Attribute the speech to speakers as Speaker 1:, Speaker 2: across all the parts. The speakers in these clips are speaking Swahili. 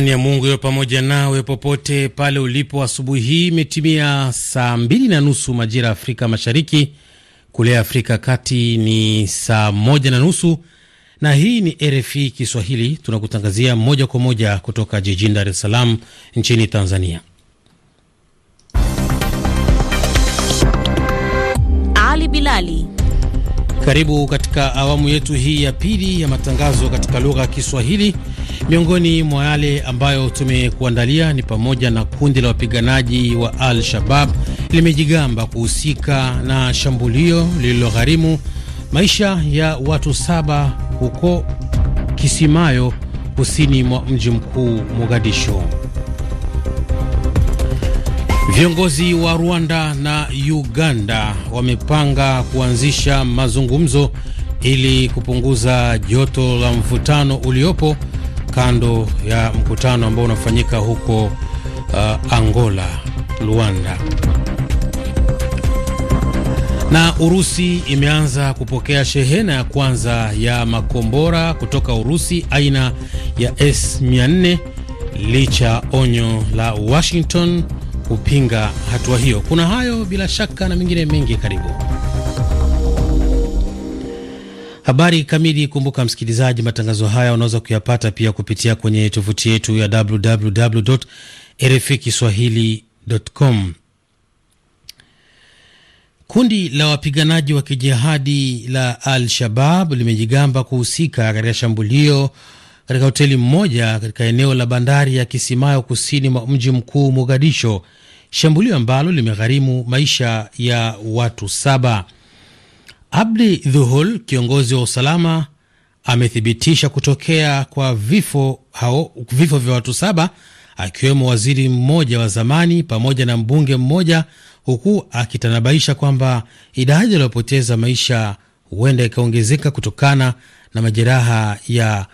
Speaker 1: Amani ya Mungu iwe pamoja nawe popote pale ulipo. Asubuhi hii imetimia saa mbili na nusu majira ya Afrika Mashariki, kule Afrika Kati ni saa moja na nusu na hii ni RFI Kiswahili, tunakutangazia moja kwa moja kutoka jijini Dar es Salaam nchini Tanzania.
Speaker 2: Ali Bilali,
Speaker 1: karibu katika awamu yetu hii ya pili ya matangazo katika lugha ya Kiswahili Miongoni mwa yale ambayo tumekuandalia ni pamoja na kundi la wapiganaji wa Al-Shabab limejigamba kuhusika na shambulio lililogharimu maisha ya watu saba huko Kisimayo kusini mwa mji mkuu mogadisho Viongozi wa Rwanda na Uganda wamepanga kuanzisha mazungumzo ili kupunguza joto la mvutano uliopo kando ya mkutano ambao unafanyika huko uh, Angola, Luanda. Na Urusi imeanza kupokea shehena ya kwanza ya makombora kutoka Urusi aina ya S400 licha onyo la Washington kupinga hatua hiyo. Kuna hayo bila shaka na mengine mengi, karibu. Habari kamili. Kumbuka msikilizaji, matangazo haya unaweza kuyapata pia kupitia kwenye tovuti yetu ya www rf kiswahili.com. Kundi la wapiganaji wa kijihadi la Al-Shabab limejigamba kuhusika katika shambulio katika hoteli mmoja katika eneo la bandari ya Kisimayo kusini mwa mji mkuu Mogadisho, shambulio ambalo limegharimu maisha ya watu saba. Abdi Dhuhul, kiongozi wa usalama, amethibitisha kutokea kwa vifo hao, vifo vya watu saba akiwemo waziri mmoja wa zamani pamoja na mbunge mmoja, huku akitanabaisha kwamba idadi waliopoteza maisha huenda ikaongezeka kutokana na majeraha ya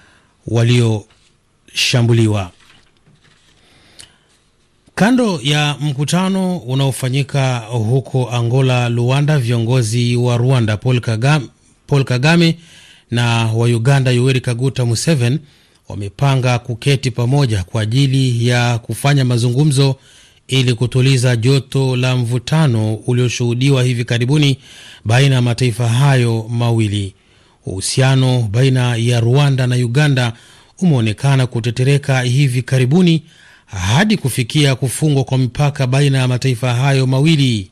Speaker 1: walioshambuliwa. Kando ya mkutano unaofanyika huko Angola, Luanda, viongozi wa Rwanda Paul Kagame, Paul Kagame na wa Uganda Yoweri Kaguta Museveni wamepanga kuketi pamoja kwa ajili ya kufanya mazungumzo ili kutuliza joto la mvutano ulioshuhudiwa hivi karibuni baina ya mataifa hayo mawili. Uhusiano baina ya Rwanda na Uganda umeonekana kutetereka hivi karibuni hadi kufikia kufungwa kwa mipaka baina ya mataifa hayo mawili.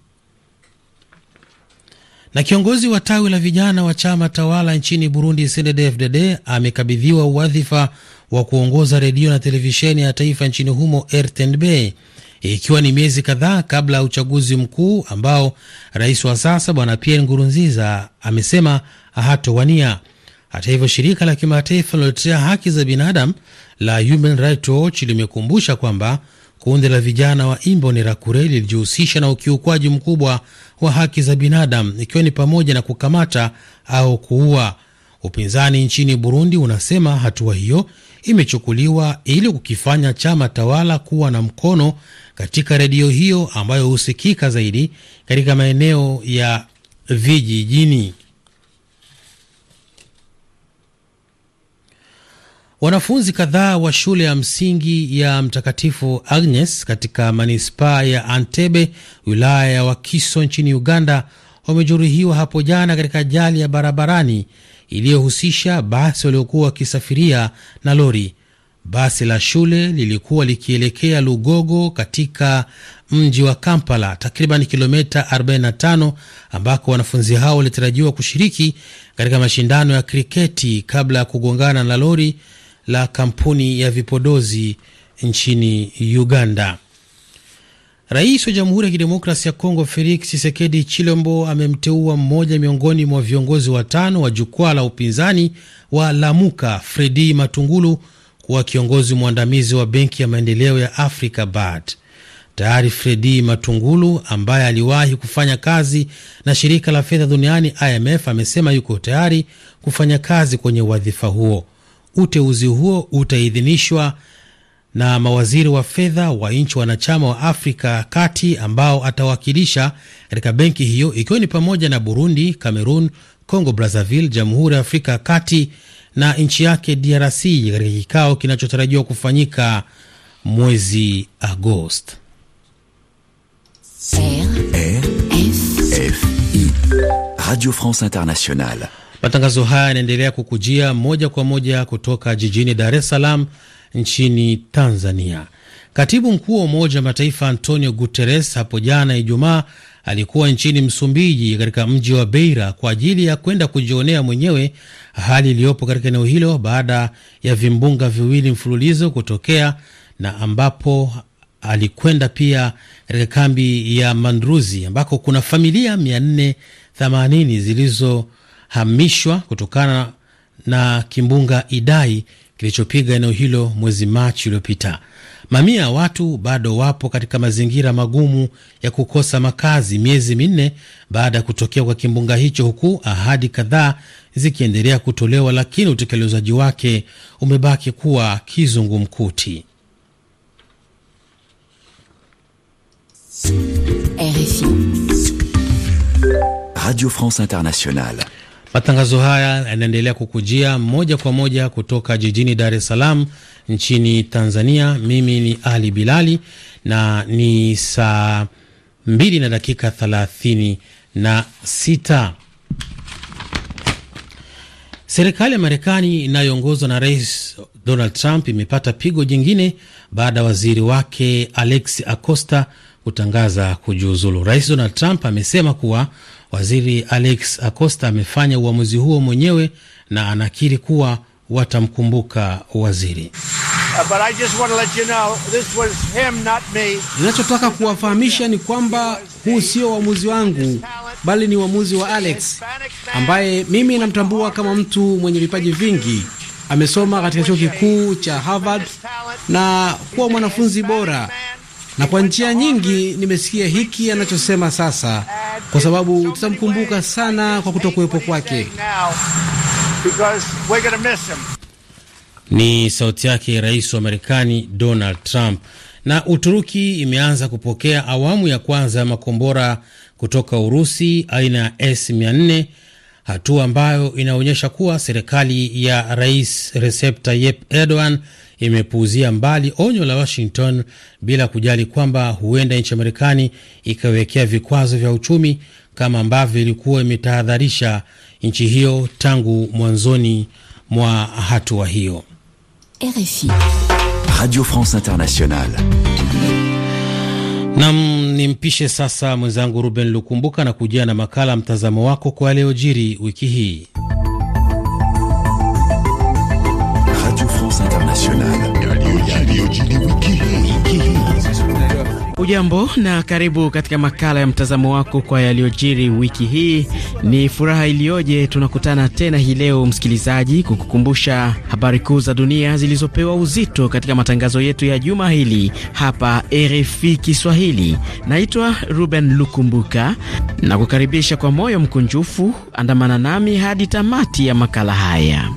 Speaker 1: Na kiongozi wa tawi la vijana wa chama tawala nchini Burundi, CNDD-FDD, amekabidhiwa wadhifa wa kuongoza redio na televisheni ya taifa nchini humo RTNB, ikiwa ni miezi kadhaa kabla ya uchaguzi mkuu ambao rais wa sasa Bwana Pierre Ngurunziza amesema hatowania. Hata hivyo, shirika la kimataifa linalotetea haki za binadamu la Human Rights Watch limekumbusha kwamba kundi la vijana wa Imbonerakure lilijihusisha na ukiukwaji mkubwa wa haki za binadamu ikiwa ni pamoja na kukamata au kuua. Upinzani nchini Burundi unasema hatua hiyo imechukuliwa ili kukifanya chama tawala kuwa na mkono katika redio hiyo ambayo husikika zaidi katika maeneo ya vijijini. Wanafunzi kadhaa wa shule ya msingi ya Mtakatifu Agnes katika manispaa ya Antebe, wilaya ya Wakiso nchini Uganda, wamejeruhiwa hapo jana katika ajali ya barabarani iliyohusisha basi waliokuwa wakisafiria na lori. Basi la shule lilikuwa likielekea Lugogo katika mji wa Kampala, takriban kilomita 45 ambako wanafunzi hao walitarajiwa kushiriki katika mashindano ya kriketi kabla ya kugongana na lori la kampuni ya vipodozi nchini Uganda. Rais wa Jamhuri ya Kidemokrasi ya Kongo Felix chisekedi Chilombo amemteua mmoja miongoni mwa viongozi watano wa jukwaa la upinzani wa Lamuka, Fredi Matungulu, kuwa kiongozi mwandamizi wa Benki ya Maendeleo ya Afrika, BAD. Tayari Fredi Matungulu ambaye aliwahi kufanya kazi na shirika la fedha duniani IMF amesema yuko tayari kufanya kazi kwenye wadhifa huo. Uteuzi huo utaidhinishwa na mawaziri wa fedha wa nchi wanachama wa Afrika Kati ambao atawakilisha katika benki hiyo ikiwa ni pamoja na Burundi, Cameroon, Congo Brazzaville, Jamhuri ya Afrika ya Kati na nchi yake DRC katika kikao kinachotarajiwa kufanyika mwezi Agosti. Radio France
Speaker 3: Internationale.
Speaker 1: Matangazo haya yanaendelea kukujia moja kwa moja kutoka jijini Dar es Salaam nchini Tanzania. Katibu mkuu wa Umoja wa Mataifa Antonio Guterres hapo jana Ijumaa alikuwa nchini Msumbiji katika mji wa Beira kwa ajili ya kwenda kujionea mwenyewe hali iliyopo katika eneo hilo baada ya vimbunga viwili mfululizo kutokea na ambapo alikwenda pia katika kambi ya Mandruzi ambako kuna familia 480 zilizo kuhamishwa kutokana na kimbunga Idai kilichopiga eneo hilo mwezi Machi uliopita. Mamia ya watu bado wapo katika mazingira magumu ya kukosa makazi miezi minne baada ya kutokea kwa kimbunga hicho, huku ahadi kadhaa zikiendelea kutolewa, lakini utekelezaji wake umebaki kuwa kizungumkuti. RFI Radio France Internationale Matangazo haya yanaendelea kukujia moja kwa moja kutoka jijini Dar es Salaam nchini Tanzania. Mimi ni Ali Bilali na ni saa mbili na dakika thelathini na sita. Serikali ya Marekani inayoongozwa na Rais Donald Trump imepata pigo jingine baada ya waziri wake Alex Acosta kutangaza kujiuzulu. Rais Donald Trump amesema kuwa Waziri Alex Acosta amefanya uamuzi huo mwenyewe na anakiri kuwa watamkumbuka waziri. Uh, Ninachotaka you know, kuwafahamisha ni kwamba huu sio uamuzi wangu, bali ni uamuzi wa Alex ambaye mimi namtambua kama mtu mwenye vipaji vingi. Amesoma katika chuo kikuu cha Harvard na kuwa mwanafunzi bora na kwa njia nyingi nimesikia hiki anachosema sasa, kwa sababu tutamkumbuka sana kwa kutokuwepo kwake. Ni sauti yake rais wa Marekani Donald Trump. Na Uturuki imeanza kupokea awamu ya kwanza ya makombora kutoka Urusi aina ya S400, hatua ambayo inaonyesha kuwa serikali ya rais Recep Tayyip Erdogan imepuuzia mbali onyo la Washington bila kujali kwamba huenda nchi ya Marekani ikawekea vikwazo vya uchumi kama ambavyo ilikuwa imetahadharisha nchi hiyo tangu mwanzoni mwa hatua hiyo. RFI, Radio France Internationale. Nam ni mpishe sasa mwenzangu Ruben Lukumbuka na kujia na makala mtazamo wako kwa yaliyojiri wiki hii.
Speaker 4: nationale. wiki
Speaker 5: Ujambo na karibu katika makala ya mtazamo wako kwa yaliyojiri wiki hii. Ni furaha iliyoje tunakutana tena hii leo, msikilizaji, kukukumbusha habari kuu za dunia zilizopewa uzito katika matangazo yetu ya juma hili hapa RFI Kiswahili. Naitwa Ruben Lukumbuka na kukaribisha kwa moyo mkunjufu, andamana nami hadi tamati ya makala haya.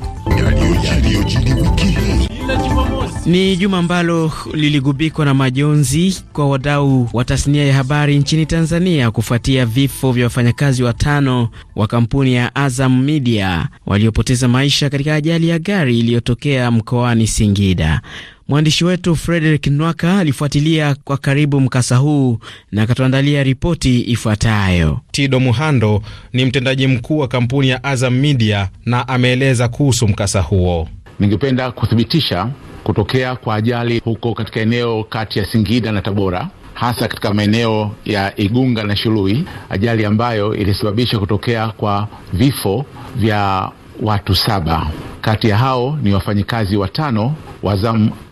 Speaker 5: Ni juma ambalo liligubikwa na majonzi kwa wadau wa tasnia ya habari nchini Tanzania kufuatia vifo vya wafanyakazi watano wa kampuni ya Azam Media waliopoteza maisha katika ajali ya gari iliyotokea mkoani Singida. Mwandishi wetu Frederick Nwaka alifuatilia kwa karibu mkasa huu na akatuandalia ripoti ifuatayo. Tido Muhando ni mtendaji mkuu
Speaker 6: wa kampuni ya Azam Media na ameeleza kuhusu mkasa huo. Ningependa kuthibitisha kutokea kwa ajali huko katika eneo kati ya Singida na Tabora hasa katika maeneo ya Igunga na Shului, ajali ambayo ilisababisha kutokea kwa vifo vya watu saba. Kati ya hao ni wafanyikazi watano wa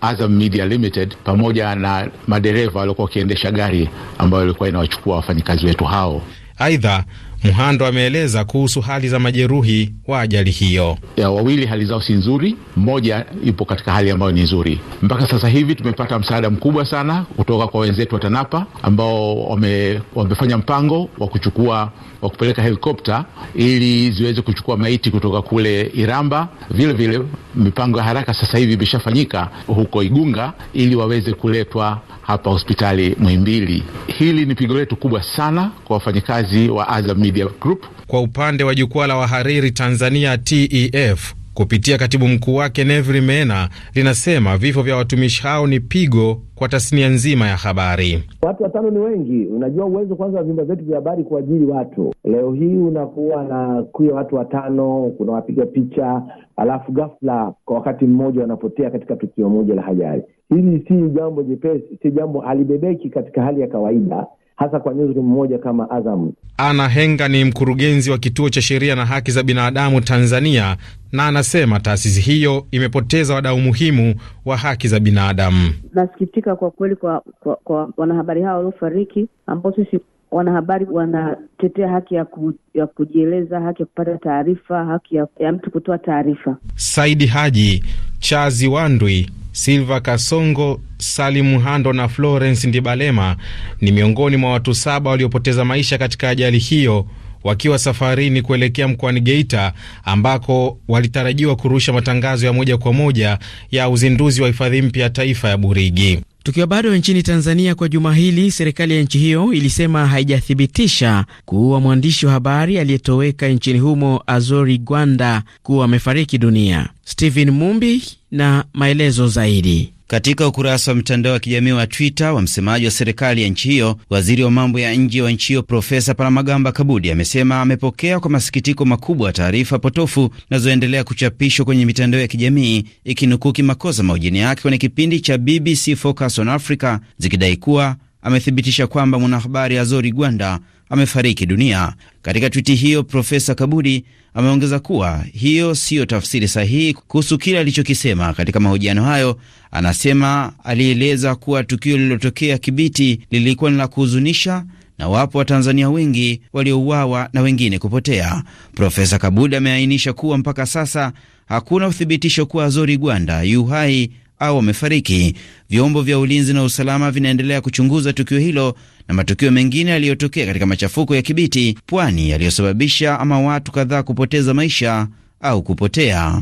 Speaker 6: Azam Media Limited pamoja na madereva waliokuwa wakiendesha gari ambayo ilikuwa inawachukua wafanyikazi wetu hao. Aidha, Muhando ameeleza kuhusu hali za majeruhi wa ajali hiyo. Ya wawili hali zao si nzuri, mmoja yupo katika hali ambayo ni nzuri. Mpaka sasa hivi tumepata msaada mkubwa sana kutoka kwa wenzetu wa TANAPA ambao wame, wamefanya mpango wa kuchukua wa kupeleka helikopta ili ziweze kuchukua maiti kutoka kule Iramba. Vile vile mipango ya haraka sasa hivi imeshafanyika huko Igunga ili waweze kuletwa hapa hospitali Muhimbili. Hili ni pigo letu kubwa sana kwa wafanyakazi wa Azam Media Group. Kwa upande wa jukwaa la
Speaker 7: wahariri Tanzania TEF
Speaker 6: kupitia katibu mkuu wake Nevri Mena
Speaker 7: linasema vifo vya watumishi hao ni pigo kwa tasnia nzima ya habari.
Speaker 3: Watu watano ni wengi. Unajua uwezo kwanza wa vyumba vyetu vya habari kuajiri watu, leo hii unakuwa na kuya watu watano, kuna wapiga picha, alafu ghafla kwa wakati mmoja wanapotea katika tukio moja la hajari Hili si jambo jepesi, si jambo halibebeki katika hali ya kawaida hasa kwa nyuzi mmoja kama Azam.
Speaker 7: Ana Henga ni mkurugenzi wa kituo cha sheria na haki za binadamu Tanzania, na anasema taasisi hiyo imepoteza wadau muhimu wa haki za binadamu.
Speaker 3: Nasikitika kwa kweli kwa, kwa, kwa wanahabari hao waliofariki ambao sisi wanahabari wanatetea haki ya, ku, ya kujieleza, haki ya kupata taarifa, haki ya, ya mtu kutoa taarifa.
Speaker 7: Saidi Haji Chazi Wandwi Silva Kasongo, Salim Hando na Florence Ndibalema ni miongoni mwa watu saba waliopoteza maisha katika ajali hiyo wakiwa safarini kuelekea mkoani Geita ambako walitarajiwa kurusha matangazo ya moja kwa moja ya
Speaker 5: uzinduzi wa hifadhi mpya ya taifa ya Burigi. Tukiwa bado nchini Tanzania, kwa juma hili serikali ya nchi hiyo ilisema haijathibitisha kuwa mwandishi wa habari aliyetoweka nchini humo Azori Gwanda kuwa amefariki dunia. Stephen Mumbi na
Speaker 2: maelezo zaidi. Katika ukurasa wa mtandao wa kijamii wa Twitter wa msemaji wa serikali ya nchi hiyo, waziri wa mambo ya nje wa nchi hiyo Profesa Palamagamba Kabudi amesema amepokea kwa masikitiko makubwa taarifa potofu zinazoendelea kuchapishwa kwenye mitandao ya kijamii ikinukuu kimakosa maujini yake kwenye kipindi cha BBC Focus on Africa zikidai kuwa amethibitisha kwamba mwanahabari Azori Gwanda amefariki dunia. Katika twiti hiyo, Profesa Kabudi ameongeza kuwa hiyo siyo tafsiri sahihi kuhusu kile alichokisema katika mahojiano hayo. Anasema alieleza kuwa tukio lililotokea Kibiti lilikuwa ni la kuhuzunisha na wapo Watanzania wengi waliouawa na wengine kupotea. Profesa Kabudi ameainisha kuwa mpaka sasa hakuna uthibitisho kuwa Azori Gwanda yu hai au amefariki. Vyombo vya ulinzi na usalama vinaendelea kuchunguza tukio hilo na matukio mengine yaliyotokea katika machafuko ya Kibiti, Pwani, yaliyosababisha ama watu kadhaa kupoteza maisha au kupotea.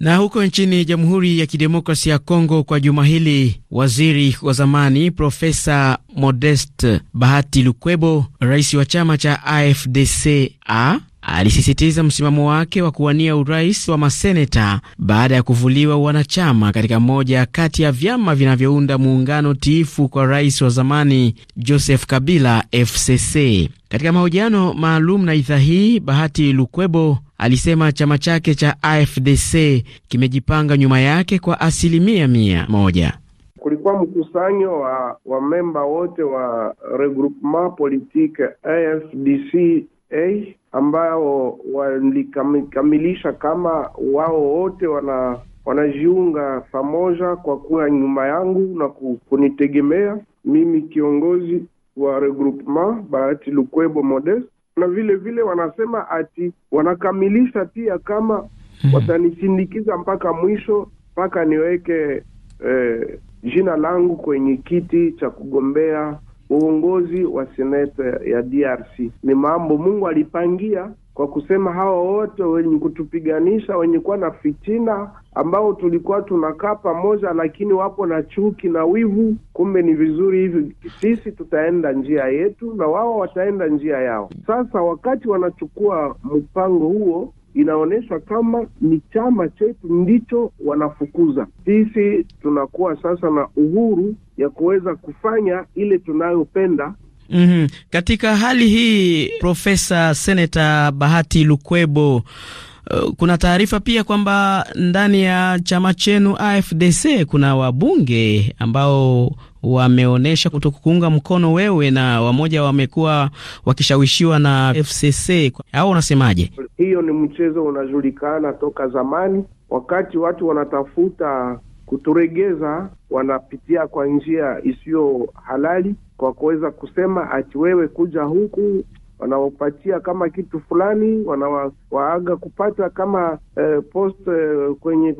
Speaker 5: Na huko nchini Jamhuri ya Kidemokrasia ya Kongo, kwa juma hili, waziri wa zamani Profesa Modest Bahati Lukwebo, rais wa chama cha AFDC a alisisitiza msimamo wake wa kuwania urais wa maseneta baada ya kuvuliwa wanachama katika moja kati ya vyama vinavyounda muungano tiifu kwa rais wa zamani Joseph Kabila, FCC. Katika mahojiano maalum na idhaa hii, Bahati Lukwebo alisema chama chake cha AFDC kimejipanga nyuma yake kwa asilimia mia moja.
Speaker 8: Kulikuwa mkusanyo wa memba wote wa regroupement politique AFDC A ambao walikamilisha kama wao wote wana wanajiunga pamoja kwa kuwa nyuma yangu na kunitegemea mimi kiongozi wa regroupement Bahati Lukwebo Modest, na vile vile wanasema ati wanakamilisha pia kama hmm. watanisindikiza mpaka mwisho mpaka niweke eh, jina langu kwenye kiti cha kugombea uongozi wa seneta ya DRC. Ni mambo Mungu alipangia kwa kusema hawa wote wenye kutupiganisha, wenye kuwa na fitina, ambao tulikuwa tunakaa pamoja, lakini wapo na chuki na wivu. Kumbe ni vizuri hivi, sisi tutaenda njia yetu na wao wataenda njia yao. Sasa wakati wanachukua mpango huo inaonyeshwa kama ni chama chetu ndicho wanafukuza. Sisi tunakuwa sasa na uhuru ya kuweza kufanya ile tunayopenda.
Speaker 5: Mm -hmm. Katika hali hii Profesa Seneta Bahati Lukwebo Eh, kuna taarifa pia kwamba ndani ya chama chenu AFDC kuna wabunge ambao wameonyesha kutokuunga mkono wewe na wamoja wamekuwa wakishawishiwa na FCC au unasemaje?
Speaker 8: Hiyo ni mchezo unajulikana toka zamani, wakati watu wanatafuta kuturegeza wanapitia kwa njia isiyo halali, kwa kuweza kusema ati wewe kuja huku wanawapatia kama kitu fulani, wanawaaga kupata kama eh, post eh, kwenye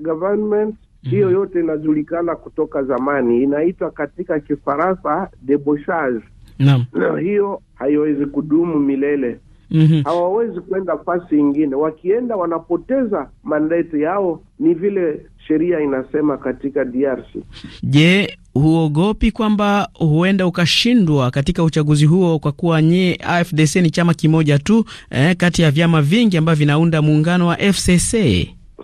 Speaker 8: government mhm. hiyo mm -hmm. Yote inajulikana kutoka zamani, inaitwa katika Kifaransa debochage. Naam, na hiyo haiwezi kudumu milele mm -hmm. hawawezi kwenda fasi ingine, wakienda wanapoteza mandate yao, ni vile sheria inasema katika DRC.
Speaker 5: Je, huogopi kwamba huenda ukashindwa katika uchaguzi huo kwa kuwa nyi AFDC ni chama kimoja tu eh, kati ya vyama vingi ambavyo vinaunda muungano wa FCC?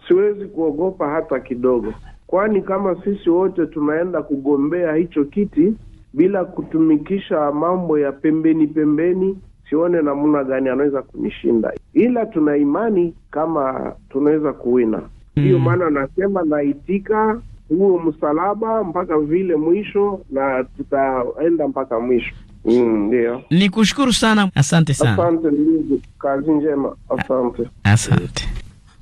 Speaker 8: Siwezi kuogopa hata kidogo, kwani kama sisi wote tunaenda kugombea hicho kiti bila kutumikisha mambo ya pembeni pembeni sione namna gani anaweza kunishinda, ila tuna imani kama tunaweza kuwina. hiyo mm. maana nasema naitika huo msalaba mpaka vile mwisho, na tutaenda mpaka mwisho. Mm, ndio,
Speaker 5: kushukuru sana, asante sana. Asante
Speaker 8: ndugu, kazi njema, asante,
Speaker 5: asante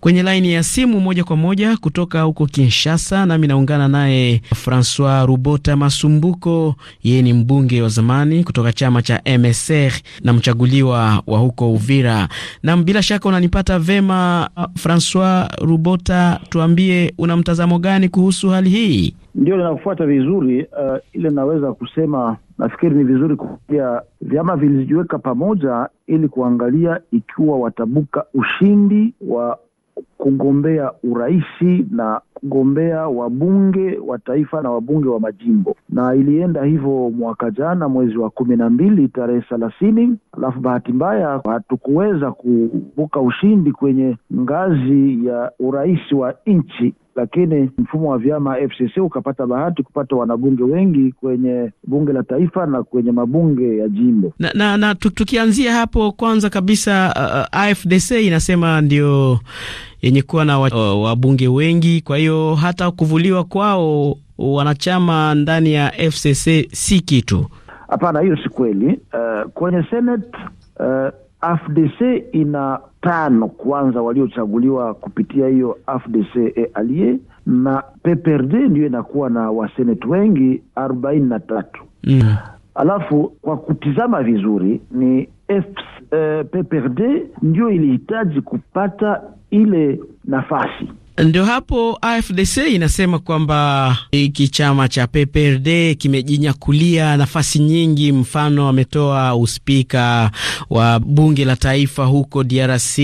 Speaker 5: kwenye laini ya simu moja kwa moja kutoka huko Kinshasa, nami naungana naye Francois Rubota Masumbuko. Yeye ni mbunge wa zamani kutoka chama cha MSR na mchaguliwa wa huko Uvira. nam bila shaka unanipata vema, Francois Rubota, tuambie una mtazamo gani kuhusu hali hii?
Speaker 3: Ndio, linafuata vizuri uh, ile naweza kusema nafikiri ni vizuri kuia vyama vilijiweka pamoja ili kuangalia ikiwa watabuka ushindi wa kugombea uraisi na kugombea wabunge wa taifa na wabunge wa majimbo, na ilienda hivyo mwaka jana mwezi wa kumi na mbili tarehe thelathini. Alafu bahati mbaya hatukuweza kuvuka ushindi kwenye ngazi ya urais wa nchi, lakini mfumo wa vyama FCC ukapata bahati kupata wanabunge wengi kwenye bunge la taifa na kwenye mabunge ya jimbo.
Speaker 5: Na, na, na tukianzia hapo kwanza kabisa, uh, uh AFDC inasema ndio yenye kuwa na uh, wabunge wengi, kwa hiyo hata kuvuliwa kwao wanachama ndani ya FCC si kitu.
Speaker 3: Hapana, hiyo si kweli. Uh, kwenye Senate uh, AFDC ina tano kwanza waliochaguliwa kupitia hiyo AFDC alie na PPRD ndiyo inakuwa na waseneti wengi arobaini na tatu. Mm. Alafu kwa kutizama vizuri ni eh, PPRD ndiyo ilihitaji kupata ile nafasi
Speaker 5: ndio hapo AFDC inasema kwamba hiki chama cha PPRD kimejinyakulia nafasi nyingi. Mfano, ametoa uspika wa bunge la taifa huko DRC,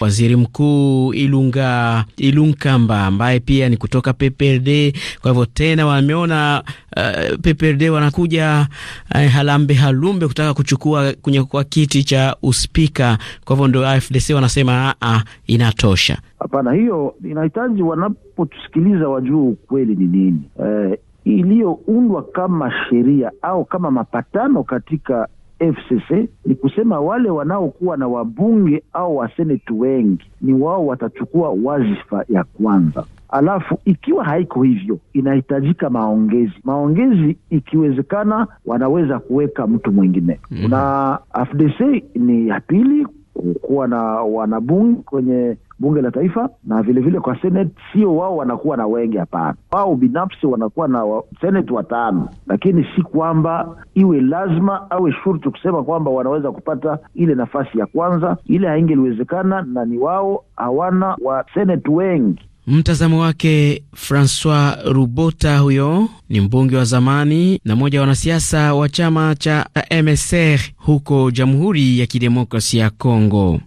Speaker 5: waziri mkuu Ilunga Ilunkamba ambaye pia ni kutoka PPRD. Kwa hivyo tena wameona uh, eh, PPRD wanakuja uh, halambe halumbe kutaka kuchukua kunyakua kiti cha uspika. Kwa hivyo ndio AFDC wanasema a, ah, ah, inatosha.
Speaker 3: Hapana, hiyo inahitaji wanapotusikiliza wajue ukweli ni nini eh, iliyoundwa kama sheria au kama mapatano katika FCC ni kusema wale wanaokuwa na wabunge au waseneti wengi ni wao watachukua wazifa ya kwanza. Alafu ikiwa haiko hivyo, inahitajika maongezi. Maongezi ikiwezekana, wanaweza kuweka mtu mwingine mm -hmm. na mhm. FDC ni ya pili kuwa na wanabunge kwenye bunge la taifa na vilevile vile kwa senate. Sio wao wanakuwa na wengi, hapana. Wao binafsi wanakuwa na wa, senate watano, lakini si kwamba iwe lazima awe shurti kusema kwamba wanaweza kupata ile nafasi ya kwanza. Ile haingeliwezekana, na ni wao hawana wa senate wengi
Speaker 5: Mtazamo wake Francois Rubota, huyo ni mbunge wa zamani na mmoja wa wanasiasa wa chama cha MSR huko Jamhuri ya Kidemokrasia ya Kongo.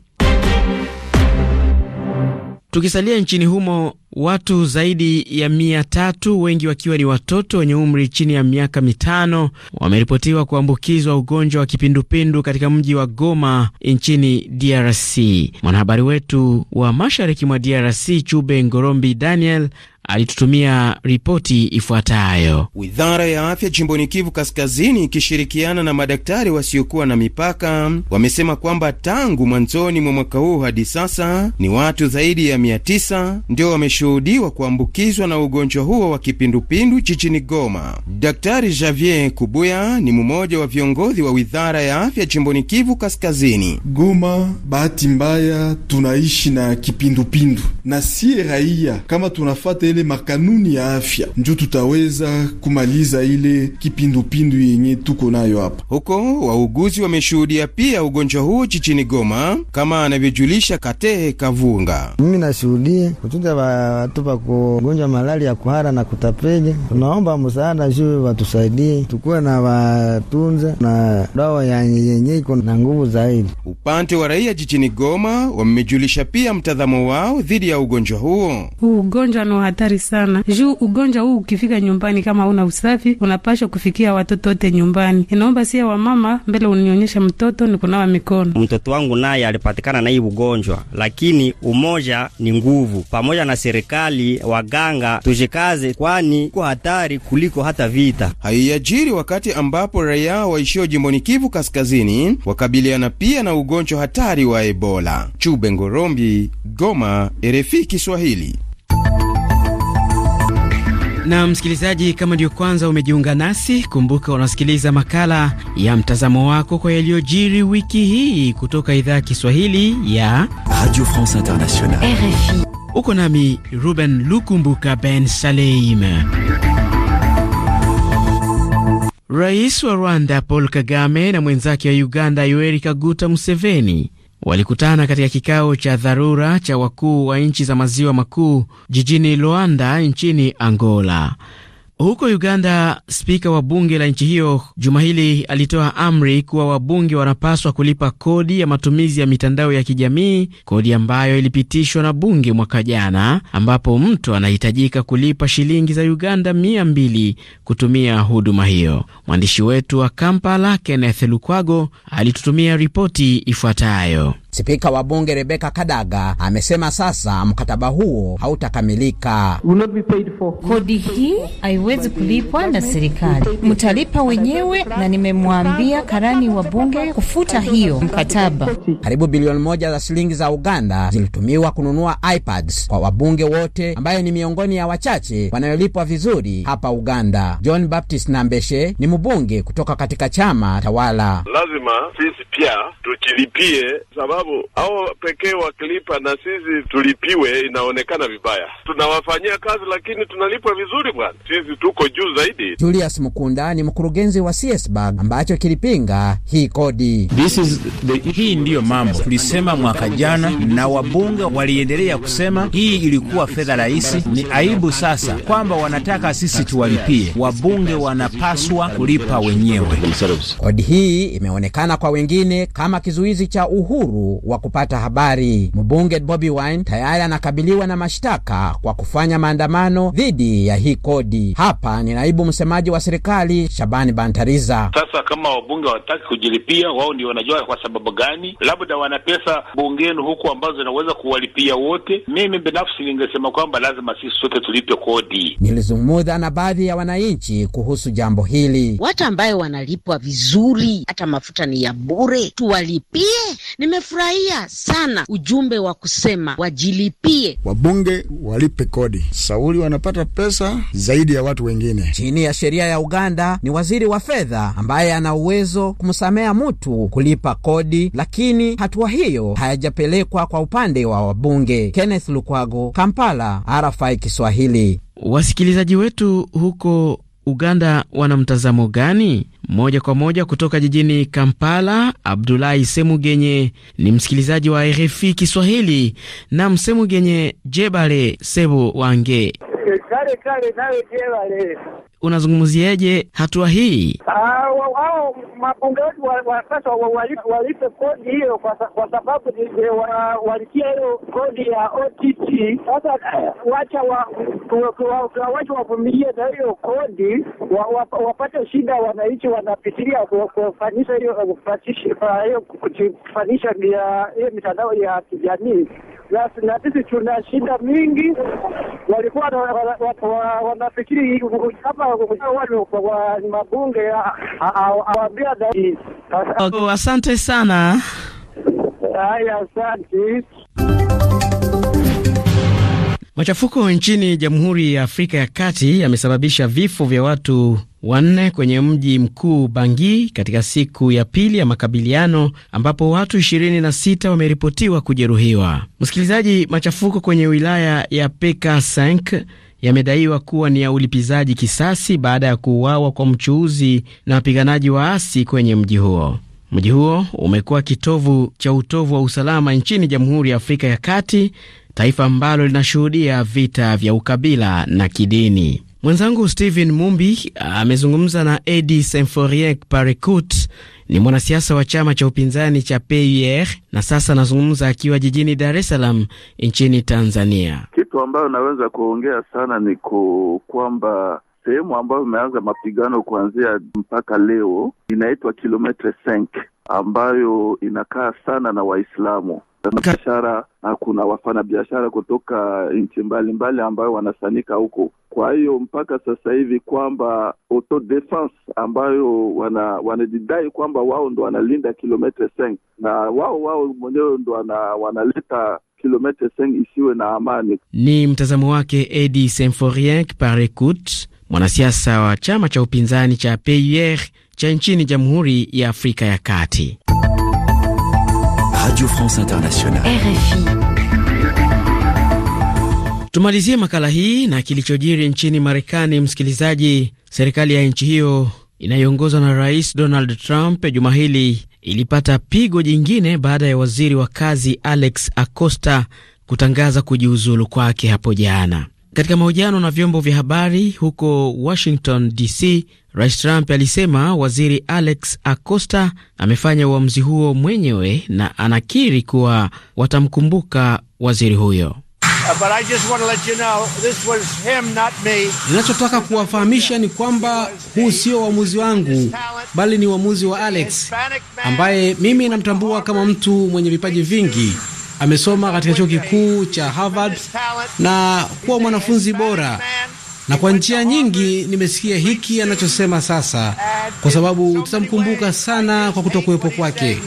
Speaker 5: Tukisalia nchini humo, watu zaidi ya mia tatu, wengi wakiwa ni watoto wenye umri chini ya miaka mitano, wameripotiwa kuambukizwa ugonjwa wa kipindupindu katika mji wa Goma nchini DRC. Mwanahabari wetu wa mashariki mwa DRC Chube Ngorombi Daniel alitutumia ripoti ifuatayo.
Speaker 9: Wizara ya afya jimboni Kivu Kaskazini ikishirikiana na madaktari wasiokuwa na mipaka wamesema kwamba tangu mwanzoni mwa mwaka huu hadi sasa ni watu zaidi ya mia tisa ndio wameshuhudiwa kuambukizwa na ugonjwa huo wa kipindupindu jijini Goma. Daktari Javier Kubuya ni mmoja wa viongozi wa wizara ya afya jimboni Kivu Kaskazini.
Speaker 7: Goma, bahati mbaya tunaishi na kipindupindu na siye raia kama tunafata ile makanuni ya afya, njo tutaweza kumaliza ile
Speaker 9: kipindupindu yenye tuko nayo hapa. Huko wauguzi wameshuhudia pia ugonjwa huu chichini Goma, kama anavyojulisha Katehe Kavunga. Mimi nashuhudia kutunza
Speaker 3: watu pa kugonjwa malali ya kuhara na kutapeli. Tunaomba msaada juu
Speaker 2: watusaidie, tukuwe na watunza na dawa yenye iko na nguvu zaidi.
Speaker 9: Upande wa raia jijini Goma wamejulisha pia mtazamo wao dhidi ya ugonjwa huo.
Speaker 5: Ugonjwa no hata hatari sana, juu ugonjwa huu ukifika nyumbani, kama una usafi, unapasha kufikia watoto wote nyumbani. Inaomba sia wamama, mbele unionyesha mtoto ni kunawa mikono.
Speaker 2: Mtoto wangu naye alipatikana na hii ugonjwa, lakini umoja ni nguvu. Pamoja na
Speaker 9: serikali, waganga, tujikaze, kwani kwa hatari kuliko hata vita. Haiajiri wakati ambapo raia waishio jimboni Kivu Kaskazini wakabiliana pia na ugonjwa hatari wa Ebola. Chube Ngorombi, Goma, RFI Kiswahili.
Speaker 5: Na msikilizaji, kama ndiyo kwanza umejiunga nasi, kumbuka unasikiliza makala ya mtazamo wako kwa yaliyojiri wiki hii kutoka idhaa ya Kiswahili ya Radio France Internationale, RFI. Uko nami Ruben Lukumbuka Ben Saleim. Rais wa Rwanda Paul Kagame na mwenzake wa Uganda Yoweri Kaguta Museveni walikutana katika kikao cha dharura cha wakuu wa nchi za maziwa makuu jijini Luanda nchini Angola. Huko Uganda, spika wa bunge la nchi hiyo juma hili alitoa amri kuwa wabunge wanapaswa kulipa kodi ya matumizi ya mitandao ya kijamii, kodi ambayo ilipitishwa na bunge mwaka jana, ambapo mtu anahitajika kulipa shilingi za Uganda mia mbili kutumia huduma hiyo. Mwandishi wetu wa Kampala, Kenneth Lukwago, alitutumia ripoti
Speaker 2: ifuatayo. Spika wa bunge Rebeka Kadaga amesema sasa mkataba huo hautakamilika. Kodi hii haiwezi kulipwa na serikali,
Speaker 5: mtalipa wenyewe, na nimemwambia karani wa bunge kufuta hiyo
Speaker 2: mkataba. Karibu bilioni moja za shilingi za Uganda zilitumiwa kununua iPads kwa wabunge wote, ambayo ni miongoni ya wachache wanayolipwa vizuri hapa Uganda. John Baptist Nambeshe ni mbunge kutoka katika chama tawala.
Speaker 6: Lazima sisi pia tujilipie sababu sababu hao pekee wakilipa na sisi tulipiwe, inaonekana vibaya.
Speaker 8: Tunawafanyia kazi lakini tunalipwa vizuri bwana, sisi tuko
Speaker 2: juu zaidi. Julius Mkunda ni mkurugenzi wa Bank ambacho kilipinga hii kodi.
Speaker 1: This is the... hii ndiyo mambo tulisema mwaka jana, na wabunge waliendelea kusema hii ilikuwa fedha rahisi. Ni aibu sasa kwamba wanataka sisi tuwalipie. Wabunge wanapaswa
Speaker 2: kulipa wenyewe. Kodi hii imeonekana kwa wengine kama kizuizi cha uhuru wa kupata habari. Mbunge Bobi Wine tayari anakabiliwa na mashtaka kwa kufanya maandamano dhidi ya hii kodi. Hapa ni naibu msemaji wa serikali Shabani Bantariza.
Speaker 3: Sasa kama wabunge hawataki kujilipia, wao ndio wanajua kwa sababu gani, labda wana pesa bungeni huku ambazo zinaweza kuwalipia wote. Mimi binafsi ningesema kwamba lazima sisi sote tulipe kodi.
Speaker 2: Nilizungumza na baadhi ya wananchi kuhusu jambo hili.
Speaker 5: Watu ambayo wanalipwa vizuri, hata mafuta ni ya bure, tuwalipie. Nimefurahi Nilifurahia sana ujumbe wa kusema wajilipie,
Speaker 2: wabunge
Speaker 9: walipe kodi, sauli wanapata pesa zaidi ya watu wengine.
Speaker 2: Chini ya sheria ya Uganda ni waziri wa fedha ambaye ana uwezo kumsamea mtu kulipa kodi, lakini hatua hiyo hayajapelekwa kwa upande wa wabunge. Kenneth Lukwago, Kampala, RFI Kiswahili.
Speaker 5: Wasikilizaji wetu huko Uganda wana mtazamo gani? Moja kwa moja kutoka jijini Kampala, Abdulahi Semugenye ni msikilizaji wa RFI Kiswahili na Msemugenye Jebale Sebo Wange
Speaker 3: kale kale nayo jela leo.
Speaker 5: Unazungumziaje hatua
Speaker 3: hii? Hao mabunge wetu wa walipe kodi hiyo, kwa sababu walitia hiyo kodi ya OTT. Sasa wacha wacha wavumilie na hiyo kodi, wapate shida wananchi wanapitilia kufanisha hiyo kufanisha hiyo mitandao ya kijamii na sisi tuna shida mingi. Walikuwa wanafikiri hapa mabunge awaambia zaidi.
Speaker 5: Oh, asante sana.
Speaker 3: Haya, asante.
Speaker 5: Machafuko nchini Jamhuri ya Afrika ya Kati yamesababisha vifo vya watu wanne kwenye mji mkuu bangi katika siku ya pili ya makabiliano ambapo watu 26 wameripotiwa kujeruhiwa. Msikilizaji, machafuko kwenye wilaya ya Peka 5 yamedaiwa kuwa ni ya ulipizaji kisasi baada ya kuuawa kwa mchuuzi na wapiganaji waasi kwenye mji huo. Mji huo umekuwa kitovu cha utovu wa usalama nchini Jamhuri ya Afrika ya Kati taifa ambalo linashuhudia vita vya ukabila na kidini. Mwenzangu Stephen Mumbi ah, amezungumza na Edi Semforiek Parekut, ni mwanasiasa wa chama cha upinzani cha PUR na sasa anazungumza akiwa jijini Dar es Salaam nchini Tanzania.
Speaker 3: Kitu ambayo naweza kuongea sana ni kwamba sehemu ambayo imeanza mapigano kuanzia mpaka leo inaitwa kilometre 5 ambayo inakaa sana na Waislamu biashara kuna wafanyabiashara kutoka nchi mbalimbali ambayo wanasanika huko. Kwa hiyo mpaka sasa hivi kwamba autodefense ambayo wana wanajidai kwamba wao ndo wanalinda kilometre seng na wao wao mwenyewe ndo wana, wanaleta kilomita seng isiwe na amani.
Speaker 5: Ni mtazamo wake Edi Semforien Parekut, mwanasiasa wa chama cha upinzani cha PUR cha nchini Jamhuri ya Afrika ya Kati.
Speaker 3: Radio France Internationale.
Speaker 4: RFI.
Speaker 5: Tumalizie makala hii na kilichojiri nchini Marekani, msikilizaji. Serikali ya nchi hiyo inayoongozwa na Rais Donald Trump juma hili ilipata pigo jingine baada ya waziri wa kazi Alex Acosta kutangaza kujiuzulu kwake hapo jana. Katika mahojiano na vyombo vya habari huko Washington DC, Rais Trump alisema waziri Alex Acosta amefanya uamuzi huo mwenyewe na anakiri kuwa watamkumbuka waziri huyo.
Speaker 1: Uh, Ninachotaka kuwafahamisha ni kwamba huu sio uamuzi wangu, bali ni uamuzi wa Alex ambaye mimi namtambua kama mtu mwenye vipaji vingi amesoma katika chuo kikuu cha Harvard na kuwa mwanafunzi bora, na kwa njia nyingi nimesikia hiki anachosema sasa, kwa sababu tutamkumbuka sana kwa kutokuwepo kwake.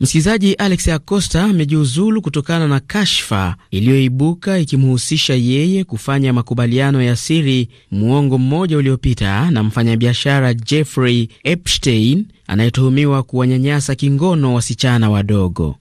Speaker 5: Msikilizaji, Alex Acosta amejiuzulu kutokana na kashfa iliyoibuka ikimhusisha yeye kufanya makubaliano ya siri muongo mmoja uliopita na mfanyabiashara Jeffrey Epstein anayetuhumiwa kuwanyanyasa kingono wasichana wadogo.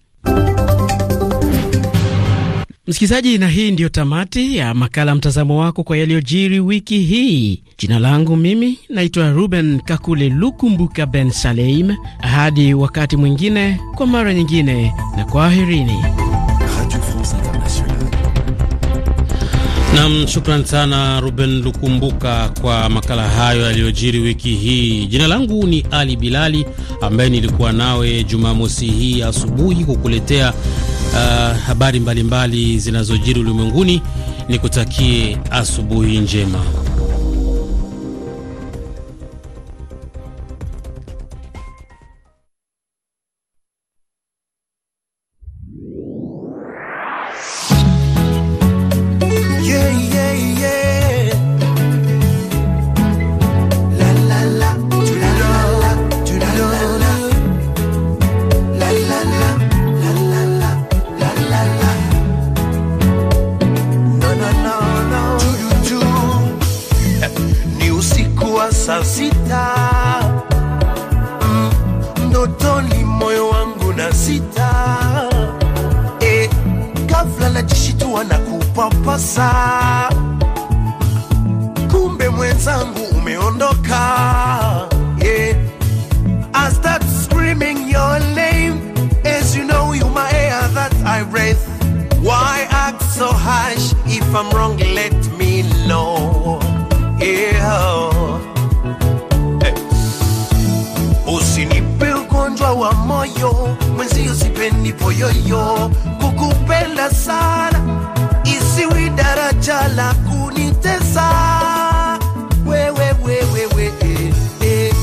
Speaker 5: Msikilizaji, na hii ndiyo tamati ya makala mtazamo wako kwa yaliyojiri wiki hii. Jina langu mimi naitwa Ruben Kakule Lukumbuka Ben Saleim. Hadi wakati mwingine, kwa mara nyingine, na
Speaker 1: kwaherini. Nam, shukran sana Ruben Lukumbuka kwa makala hayo yaliyojiri wiki hii. Jina langu ni Ali Bilali ambaye nilikuwa nawe Jumamosi hii asubuhi kukuletea uh, habari mbalimbali zinazojiri ulimwenguni. Nikutakie asubuhi njema.
Speaker 4: if I'm wrong, let me know. Yeah. Hey. Usinipe ugonjwa wa moyo, mwenzio sipendi poyoyo. Kukupenda sana isiwi daraja la kunitesa. Wewe wewe wewe, eh.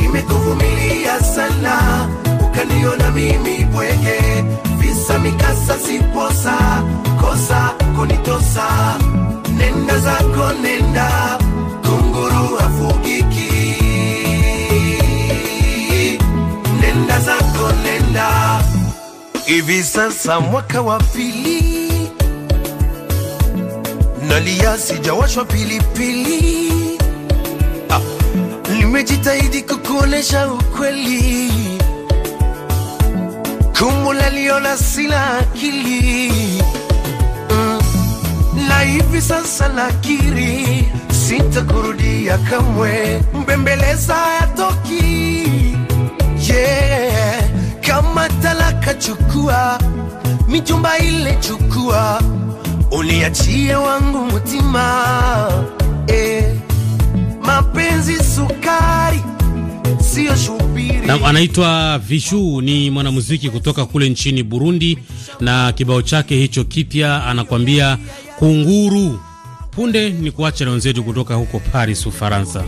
Speaker 4: Nimekuvumilia sana ukaniona mimi pweke, visa mikasa siposa kosa kunitosa, nenda zako, nenda kunguru hafugiki, nenda zako, nenda. Hivi sasa mwaka wa pili nalia, sijawashwa pilipili, ah, nimejitahidi kukuonesha ukweli, kumbula liona sina akili ila hivi sasa nakiri sitakurudia kamwe, mbembeleza yatoki yeah. Kama talaka chukua, mijumba ile chukua, uniachie wangu mutima eh. Mapenzi sukari siyo shubiri. Na,
Speaker 1: anaitwa Vishu ni mwanamuziki kutoka kule nchini Burundi na kibao chake hicho kipya anakwambia kunguru. Punde ni kuacha na wenzetu kutoka huko Paris, Ufaransa.